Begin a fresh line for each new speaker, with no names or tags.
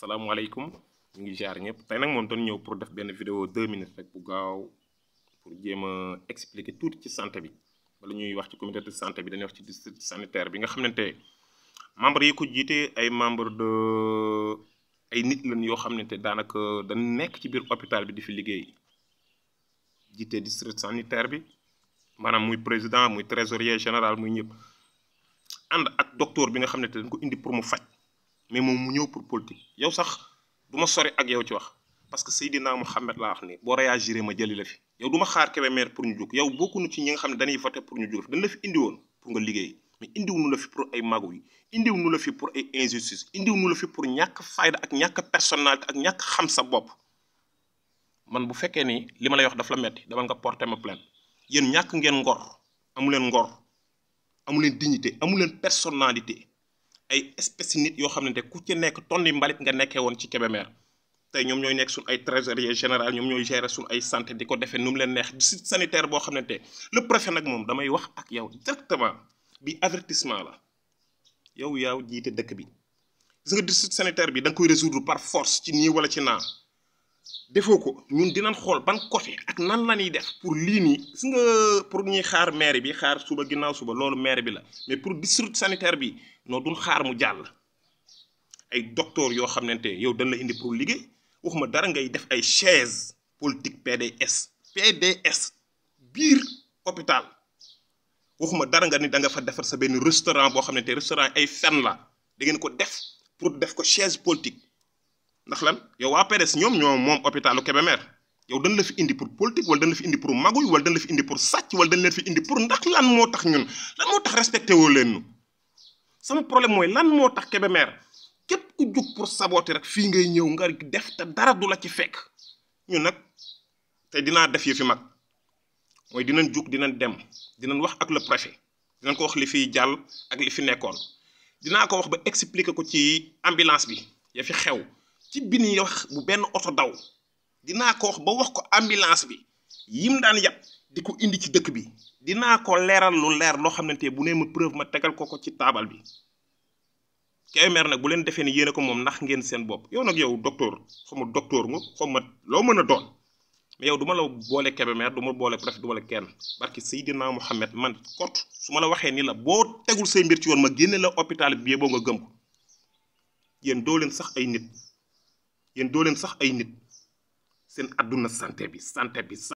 salaamaaleykum mu ngi jaar ñëpp tey nag moom doon ñëw pour def benn video deux minutes rek bu gaaw pour jéem a expliquer tuuti ci santé bi wala ñuy wax ci comité de santé bi dañuy wax ci district sanitaire bi nga xamante membre yi ko jiite ay membre de ay nit lañ yoo xam xamante daanaka dañ nekk ci biir hôpital bi di fi liggéey jiite district sanitaire bi maanaam muy président muy trésorier général muy ñëpp ànd ak docteur bi nga xam ne dañ ko indi pour mu faj. mais moom mu ñëw pour politique yow sax du sori ak yow ci wax parce que que Mohamed laa wax ni boo réagiré ma jëli la fi yow du ma xaar pour ñu yow ci ñi nga xam ne dañuy voté pour ñu dañ la fi indi woon pour nga liggéey mais nous la fi pour ay magu yi indiwuñu la fi pour ay injustice la fi pour ñàkk fayda ak ñàkk personnalité ak ñàkk xam sa man bu ni li ma wax dafa la metti dama nga porter ma plainte yéen ñàkk ngeen ngor amu ngor amu dignité personnalité ay espèce nit yoo xam ne te ku ci nekk tonni mbalit nga nekkee woon ci Kébémer tey ñoom ñooy nekk suñ ay trésorier général ñoom ñooy gérer suñ ay santé di ko defee nu mu leen neex site sanitaire boo xam ne te le préfet nag moom damay wax ak yow directement bi avertissement la yow yaaw jiite dëkk bi gis nga district sanitaire bi da koy résoudre par force ci nii wala ci naa defoo ko ñun dinañ xool ban côté ak nan la ñuy def pour lii nii gis nga pour ñuy xaar maire bi xaar suba ginnaaw suba loolu maire bi la mais pour district sanitaire bi noo duñ xaar mu jàll ay docteur yoo xamante yow dañ la indi pour liggéey waxuma dara ngay def ay chaise politique PDS PDS biir hôpital waxuma dara nga ni danga fa defar sa benn restaurant boo xam ne te restaurant ay fen la da ngeen ko def pour def ko chaise politique ndax lan yow waa PDS ñoom ñoo moom hôpitalu Kébémer yow dañ la fi indi pour politique wala dañ pour maguy wala dañ indi pour sàcc wala dañ leen fi indi pour ndax lan moo tax ñun lan moo tax respecté woo leen ñu sama problème mooy lan moo tax Kébémer képp ku jug pour saboter rek fii ngay ñëw nga def te dara du la ci fekk ñun nag tey dinaa def yi fi mag mooy dinañ jug dinañ dem dinañ wax ak le préfet dinañ ko wax li fi jàll ak li fi nekkoon dinaa ko wax ba expliquer ko ci ambulance bi ya fi xew ci bin yi wax bu benn oto daw dinaa ko wax ba wax ko ambulance bi yim daan yàpp di ko indi ci dëkk bi dinaa ko leeral lu leer loo xam ne te bu nee ma preuve ma tegal ko ko ci taabal bi Kébémer nag bu leen defee ne yéen ko moom ndax ngeen seen bopp yow nag yow docteur xawma docteur nga xawma loo mën a doon mais yow du ma la boole Kébémer du ma boole préfet du ma la kenn barki Seydina Mohamed man kot su ma la waxee ni la boo tegul say mbir ci yoon ma génne la hôpital bi boo nga gëm doo leen sax ay nit yéen doo leen sax ay nit seen àdduna santé bi sante bi san